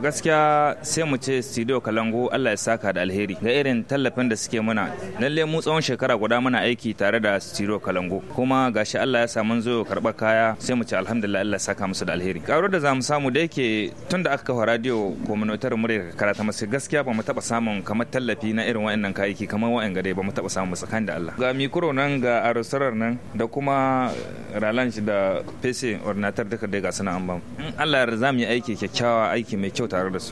gaskiya sai mu ce studio kalango allah ya saka da alheri ga irin tallafin da suke muna lalle mu tsawon shekara guda muna aiki tare da studio kalango kuma gashi allah ya samu zo karɓar kaya sai mu ce alhamdulillah allah ya saka musu da alheri karo da za mu samu da yake tun da aka kafa radio communautaire murya karkara karata masu gaskiya ba mu taɓa samun kamar tallafi na irin wa'annan kayayyaki kamar wa'an gare ba mu taɓa samu tsakanin da allah ga mikro nan ga arosarar nan da kuma ralanshi da pc ornatar duka dai ga suna an in allah za mu yi aiki kyakkyawa aiki mai kyau tardes.